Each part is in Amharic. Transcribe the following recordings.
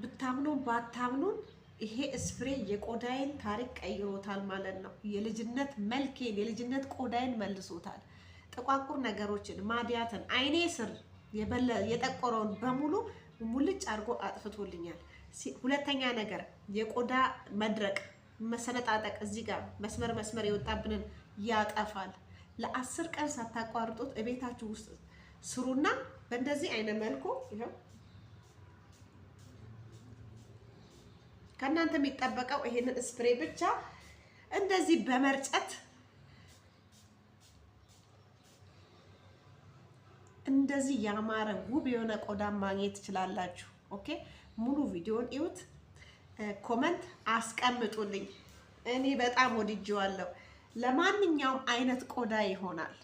ብታምኑን ባታምኑን ይሄ ስፕሬ የቆዳዬን ታሪክ ቀይሮታል ማለት ነው። የልጅነት መልኬን የልጅነት ቆዳዬን መልሶታል። ጥቋቁር ነገሮችን፣ ማዲያትን፣ አይኔ ስር የጠቆረውን በሙሉ ሙልጭ አድርጎ አጥፍቶልኛል። ሁለተኛ ነገር የቆዳ መድረቅ፣ መሰነጣጠቅ እዚህ ጋር መስመር መስመር የወጣብንን ያጠፋል። ለአስር ቀን ሳታቋርጡት እቤታችሁ ውስጥ ስሩና በእንደዚህ አይነ መልኩ ከእናንተ የሚጠበቀው ይሄንን ስፕሬ ብቻ እንደዚህ በመርጨት እንደዚህ ያማረ ውብ የሆነ ቆዳ ማግኘት ትችላላችሁ። ኦኬ ሙሉ ቪዲዮን እዩት፣ ኮመንት አስቀምጡልኝ። እኔ በጣም ወድጄዋለሁ። ለማንኛውም አይነት ቆዳ ይሆናል።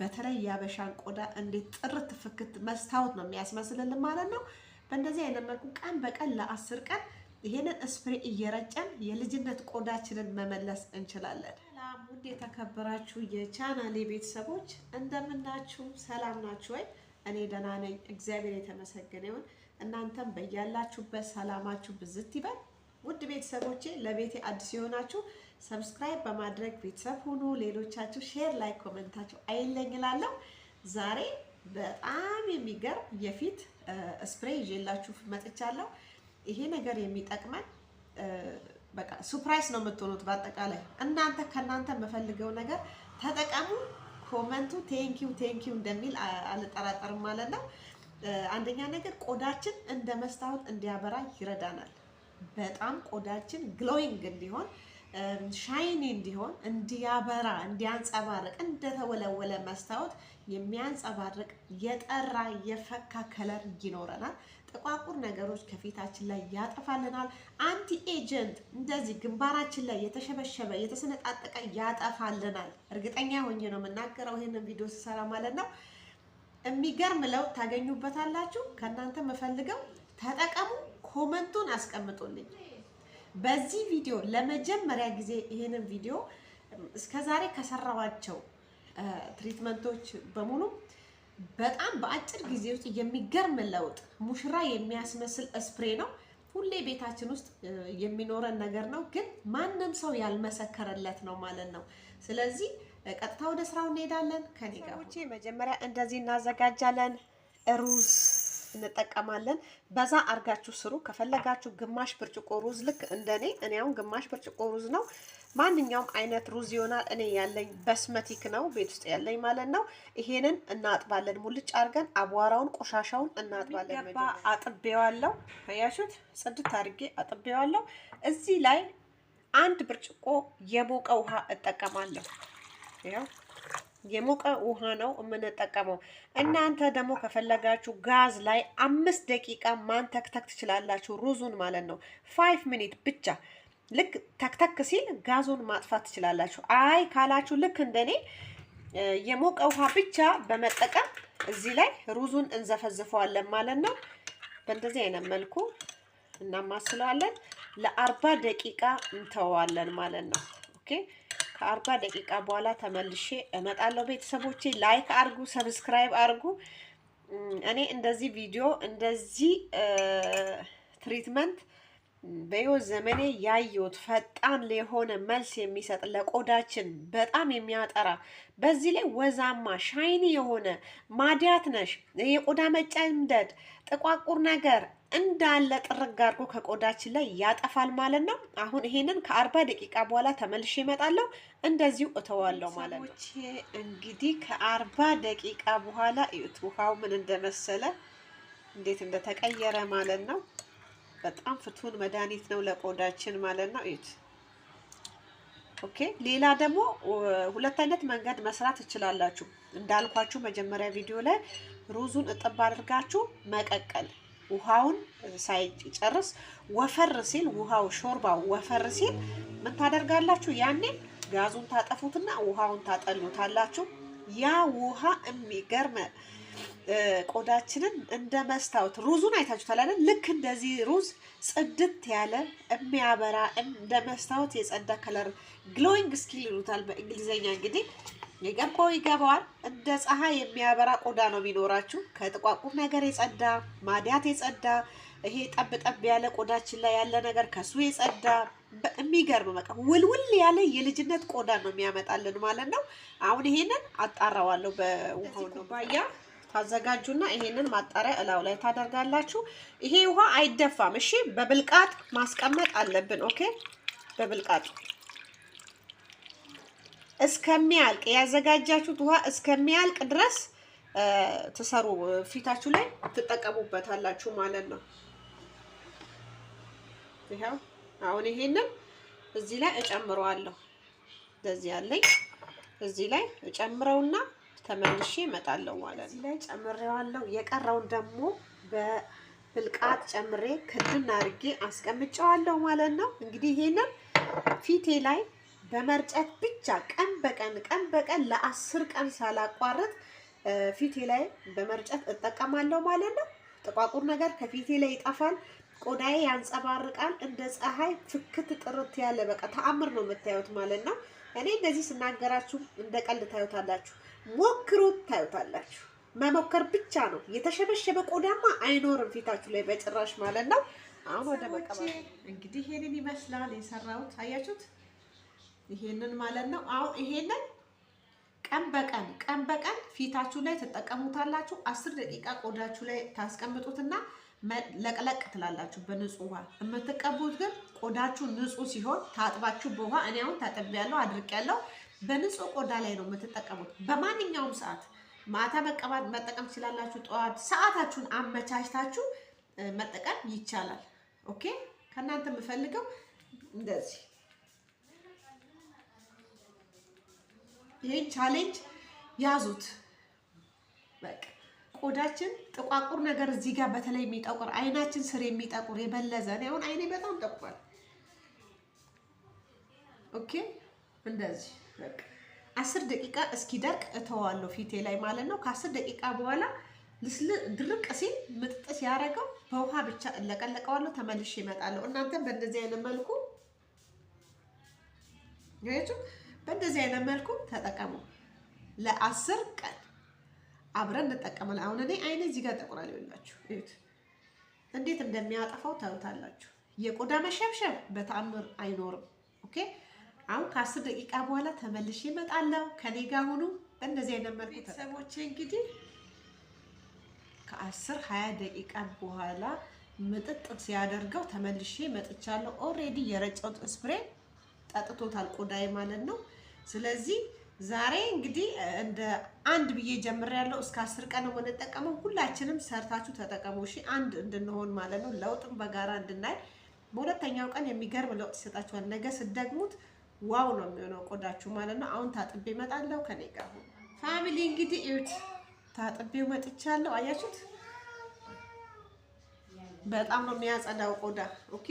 በተለይ የአበሻን ቆዳ እንዴት ጥርት ፍክት መስታወት ነው የሚያስመስልልን ማለት ነው። በእንደዚህ አይነት መልኩ ቀን በቀን ለአስር ቀን ይህንን ስፕሬ እየረጨን የልጅነት ቆዳችንን መመለስ እንችላለን። ሰላም ውድ የተከበራችሁ የቻናሌ ቤተሰቦች እንደምናችሁ፣ ሰላም ናችሁ ወይ? እኔ ደህና ነኝ፣ እግዚአብሔር የተመሰገነ ይሁን። እናንተም በያላችሁበት ሰላማችሁ ብዝት ይበል። ውድ ቤተሰቦቼ ለቤቴ አዲስ የሆናችሁ ሰብስክራይብ በማድረግ ቤተሰብ ሁኑ። ሌሎቻችሁ ሼር ላይ ኮመንታችሁ አይለኝ እላለሁ። ዛሬ በጣም የሚገርም የፊት ስፕሬ ይዤላችሁ መጥቻለሁ። ይሄ ነገር የሚጠቅመን በቃ ሱፕራይስ ነው የምትሆኑት። በአጠቃላይ እናንተ ከእናንተ የምፈልገው ነገር ተጠቀሙ። ኮመንቱ ቴንኪው ቴንኪው እንደሚል አልጠራጠርም ማለት ነው። አንደኛ ነገር ቆዳችን እንደ መስታወት እንዲያበራ ይረዳናል። በጣም ቆዳችን ግሎይንግ እንዲሆን ሻይኒ እንዲሆን እንዲያበራ እንዲያንጸባርቅ እንደተወለወለ መስታወት የሚያንጸባርቅ የጠራ የፈካ ከለር ይኖረናል። ጥቋቁር ነገሮች ከፊታችን ላይ ያጠፋልናል። አንቲ ኤጀንት እንደዚህ ግንባራችን ላይ የተሸበሸበ የተሰነጣጠቀ ያጠፋልናል። እርግጠኛ ሆኜ ነው የምናገረው ይህንን ቪዲዮ ስሰራ ማለት ነው። የሚገርም ለውጥ ታገኙበታላችሁ። ከእናንተ የምፈልገው ተጠቀሙ። ኮመንቱን አስቀምጡልኝ። በዚህ ቪዲዮ ለመጀመሪያ ጊዜ ይህንን ቪዲዮ እስከዛሬ ከሰራዋቸው ትሪትመንቶች በሙሉ በጣም በአጭር ጊዜ ውስጥ የሚገርም ለውጥ ሙሽራ የሚያስመስል ስፕሬ ነው። ሁሌ ቤታችን ውስጥ የሚኖረን ነገር ነው፣ ግን ማንም ሰው ያልመሰከረለት ነው ማለት ነው። ስለዚህ ቀጥታ ወደ ስራው እንሄዳለን። ከኔ ጋር መጀመሪያ እንደዚህ እናዘጋጃለን ሩዝ እንጠቀማለን። በዛ አርጋችሁ ስሩ። ከፈለጋችሁ ግማሽ ብርጭቆ ሩዝ ልክ እንደኔ እኔ አሁን ግማሽ ብርጭቆ ሩዝ ነው። ማንኛውም አይነት ሩዝ ይሆናል። እኔ ያለኝ በስመቲክ ነው ቤት ውስጥ ያለኝ ማለት ነው። ይሄንን እናጥባለን፣ ሙልጭ አርገን አቧራውን፣ ቆሻሻውን እናጥባለን። አጥቤዋለሁ። ያሹት ጽድት አድርጌ አጥቤዋለሁ። እዚህ ላይ አንድ ብርጭቆ የሞቀ ውሃ እጠቀማለሁ። ያው የሞቀ ውሃ ነው የምንጠቀመው። እናንተ ደግሞ ከፈለጋችሁ ጋዝ ላይ አምስት ደቂቃ ማንተክተክ ትችላላችሁ፣ ሩዙን ማለት ነው። ፋይቭ ሚኒት ብቻ ልክ ተክተክ ሲል ጋዙን ማጥፋት ትችላላችሁ። አይ ካላችሁ ልክ እንደኔ የሞቀ ውሃ ብቻ በመጠቀም እዚህ ላይ ሩዙን እንዘፈዝፈዋለን ማለት ነው። በእንደዚህ አይነት መልኩ እናማስለዋለን። ለአርባ ደቂቃ እንተዋለን ማለት ነው። ኦኬ ከአርባ ደቂቃ በኋላ ተመልሼ እመጣለሁ። ቤተሰቦቼ ላይክ አርጉ፣ ሰብስክራይብ አርጉ። እኔ እንደዚህ ቪዲዮ እንደዚህ ትሪትመንት በሕይወት ዘመኔ ያየሁት ፈጣን የሆነ መልስ የሚሰጥ ለቆዳችን በጣም የሚያጠራ በዚህ ላይ ወዛማ ሻይኒ የሆነ ማዲያት ነሽ የቆዳ መጨምደድ ጥቋቁር ነገር እንዳለ ጥርግ አድርጎ ከቆዳችን ላይ ያጠፋል ማለት ነው። አሁን ይሄንን ከአርባ ደቂቃ በኋላ ተመልሼ እመጣለሁ። እንደዚሁ እተዋለሁ ማለት ነው። እንግዲህ ከአርባ ደቂቃ በኋላ ውሃው ምን እንደመሰለ እንዴት እንደተቀየረ ማለት ነው። በጣም ፍቱን መድኃኒት ነው ለቆዳችን ማለት ነው። እዩት። ኦኬ። ሌላ ደግሞ ሁለት አይነት መንገድ መስራት ትችላላችሁ። እንዳልኳችሁ መጀመሪያ ቪዲዮ ላይ ሩዙን እጥብ አድርጋችሁ መቀቀል ውሃውን ሳይጨርስ ወፈር ሲል ውሃው ሾርባው ወፈር ሲል ምን ታደርጋላችሁ? ያኔ ጋዙን ታጠፉትና ውሃውን ታጠሉታላችሁ። ያ ውሃ የሚገርመ ቆዳችንን እንደ መስታወት ሩዙን አይታችሁታል አይደል? ልክ እንደዚህ ሩዝ ጽድት ያለ የሚያበራ እንደ መስታወት የጸዳ ከለር ግሎዊንግ ስኪል ይሉታል በእንግሊዝኛ እንግዲህ የገባው ይገባዋል። እንደ ፀሐይ የሚያበራ ቆዳ ነው የሚኖራችሁ። ከጥቋቁር ነገር የጸዳ ማዲያት የጸዳ ይሄ ጠብ ጠብ ያለ ቆዳችን ላይ ያለ ነገር ከሱ የጸዳ የሚገርም በቃ ውልውል ያለ የልጅነት ቆዳ ነው የሚያመጣልን ማለት ነው። አሁን ይሄንን አጣራዋለሁ በውሃው ነው ባያ ታዘጋጁና ይሄንን ማጣሪያ እላው ላይ ታደርጋላችሁ። ይሄ ውሃ አይደፋም። እሺ፣ በብልቃጥ ማስቀመጥ አለብን። ኦኬ፣ በብልቃጡ እስከሚያልቅ ያዘጋጃችሁት ውሃ እስከሚያልቅ ድረስ ትሰሩ ፊታችሁ ላይ ትጠቀሙበታላችሁ ማለት ነው። ይኸው አሁን ይሄንን እዚህ ላይ እጨምረዋለሁ። እንደዚህ ያለኝ እዚህ ላይ እጨምረውና ተመልሼ እመጣለሁ ማለት ነው። ላይ ጨምሬዋለሁ። የቀረውን ደግሞ በብልቃጥ ጨምሬ ክድን አድርጌ አስቀምጨዋለሁ ማለት ነው። እንግዲህ ይሄንን ፊቴ ላይ በመርጨት ብቻ ቀን በቀን ቀን በቀን ለአስር ቀን ሳላቋርጥ ፊቴ ላይ በመርጨት እጠቀማለሁ ማለት ነው። ጥቋቁር ነገር ከፊቴ ላይ ይጠፋል። ቆዳዬ ያንጸባርቃል። እንደ ፀሐይ ፍክት ጥርት ያለ በቃ ተአምር ነው የምታዩት ማለት ነው። እኔ እንደዚህ ስናገራችሁ እንደ ቀልድ ታዩታላችሁ። ሞክሩት፣ ታዩታላችሁ። መሞከር ብቻ ነው። የተሸበሸበ ቆዳማ አይኖርም ፊታችሁ ላይ በጭራሽ ማለት ነው። አሁን ወደ እንግዲህ ይሄንን ይመስላል የሰራሁት። አያችሁት? ይሄንን ማለት ነው። አሁን ይሄንን ቀን በቀን ቀን በቀን ፊታችሁ ላይ ትጠቀሙታላችሁ። አስር ደቂቃ ቆዳችሁ ላይ ታስቀምጡትና ለቅለቅ ትላላችሁ በንጹህ ውሃ። የምትቀቡት ግን ቆዳችሁ ንጹህ ሲሆን ታጥባችሁ በውሃ እኔ አሁን ታጥቤያለሁ አድርቄያለሁ። በንጹህ ቆዳ ላይ ነው የምትጠቀሙት። በማንኛውም ሰዓት ማታ መቀባት መጠቀም ትችላላችሁ። ጠዋት ሰዓታችሁን አመቻችታችሁ መጠቀም ይቻላል። ኦኬ ከእናንተ የምፈልገው እንደዚህ ይህን ቻሌንጅ ያዙት። በቃ ቆዳችን ጥቋቁር ነገር እዚህ ጋር በተለይ የሚጠቁር አይናችን ስር የሚጠቁር የበለዘ ነው። አሁን አይኔ በጣም ጠቁሯል። ኦኬ እንደዚህ አስር ደቂቃ እስኪደርቅ እተዋለሁ ፊቴ ላይ ማለት ነው። ከአስር ደቂቃ በኋላ ድርቅ ሲል ምጥጥ ሲያደርገው በውሃ ብቻ እለቀለቀዋለሁ፣ ተመልሼ እመጣለሁ። እናንተም በእንደዚህ አይነት መልኩ ያችሁ በእንደዚህ አይነት መልኩ ተጠቀሙ። ለአስር ቀን አብረን እንጠቀማለን። አሁን እኔ አይኔ እዚህ ጋር ጠቁራል። ይኸውላችሁ እንዴት እንደሚያጠፋው ታዩታላችሁ። የቆዳ መሸብሸብ በተአምር አይኖርም። ኦኬ አሁን ከአስር ደቂቃ በኋላ ተመልሼ እመጣለሁ። ከኔ ጋር ሁኑ። እንደዚህ አይነት መልኩ ቤተሰቦቼ እንግዲህ ከአስር ሀያ ደቂቃ በኋላ ምጥጥ ሲያደርገው ተመልሼ መጥቻለሁ። ኦሬዲ የረጨሁት ስፕሬ ጠጥቶታል ቆዳዬ ማለት ነው። ስለዚህ ዛሬ እንግዲህ እንደ አንድ ብዬ ጀምሬያለሁ። እስከ አስር ቀን ነው የምንጠቀመው። ሁላችንም ሰርታችሁ ተጠቀሙ። እሺ አንድ እንድንሆን ማለት ነው። ለውጥም በጋራ እንድናይ በሁለተኛው ቀን የሚገርም ለውጥ ይሰጣችኋል። ነገ ስትደግሙት። ዋው ነው የሚሆነው ቆዳችሁ ማለት ነው። አሁን ታጥቤ እመጣለሁ። ከኔ ጋር ፋሚሊ እንግዲህ እዩት፣ ታጥቤው መጥቻለሁ። አያችሁት? በጣም ነው የሚያጸዳው ቆዳ። ኦኬ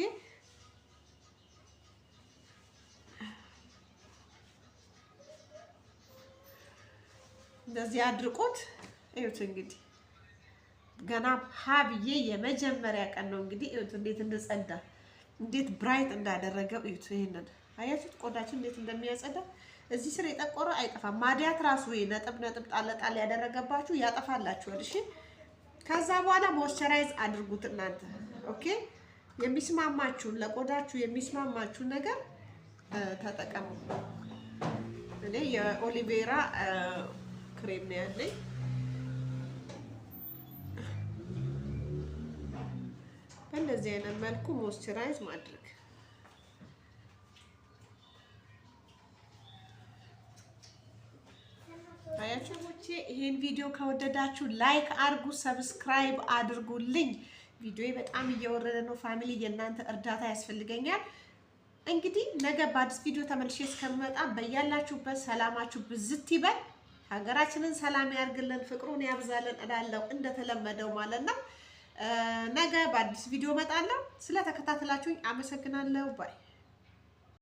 እንደዚህ አድርቆት እዩት እንግዲህ ገና ሀብዬ የመጀመሪያ ቀን ነው እንግዲህ እዩት እንዴት እንደጸዳ እንዴት ብራይት እንዳደረገው እዩት ይሄንን አያችሁት? ቆዳችን እንዴት እንደሚያጸዳ እዚህ ስር የጠቆረ አይጠፋም። ማዲያት ራሱ ነጥብ ነጥብ ጣል ጣል ያደረገባችሁ ያጠፋላችኋል። እሺ፣ ከዛ በኋላ ሞይስቸራይዝ አድርጉት እናንተ። ኦኬ፣ የሚስማማችሁን ለቆዳችሁ የሚስማማችሁን ነገር ተጠቀሙ። እኔ የኦሊቬራ ክሬም ነው ያለኝ። በእንደዚህ አይነት መልኩ ሞይስቸራይዝ ማድረግ ይሄን ቪዲዮ ከወደዳችሁ ላይክ አድርጉ፣ ሰብስክራይብ አድርጉልኝ። ቪዲዮ በጣም እየወረደ ነው። ፋሚሊ የእናንተ እርዳታ ያስፈልገኛል። እንግዲህ ነገ በአዲስ ቪዲዮ ተመልሼ እስከምመጣ በያላችሁበት ሰላማችሁ ብዝት ይበል። ሀገራችንን ሰላም ያርግልን፣ ፍቅሩን ያብዛልን እላለሁ እንደተለመደው ማለት ነው። ነገ በአዲስ ቪዲዮ እመጣለሁ። ስለተከታተላችሁኝ አመሰግናለሁ ባይ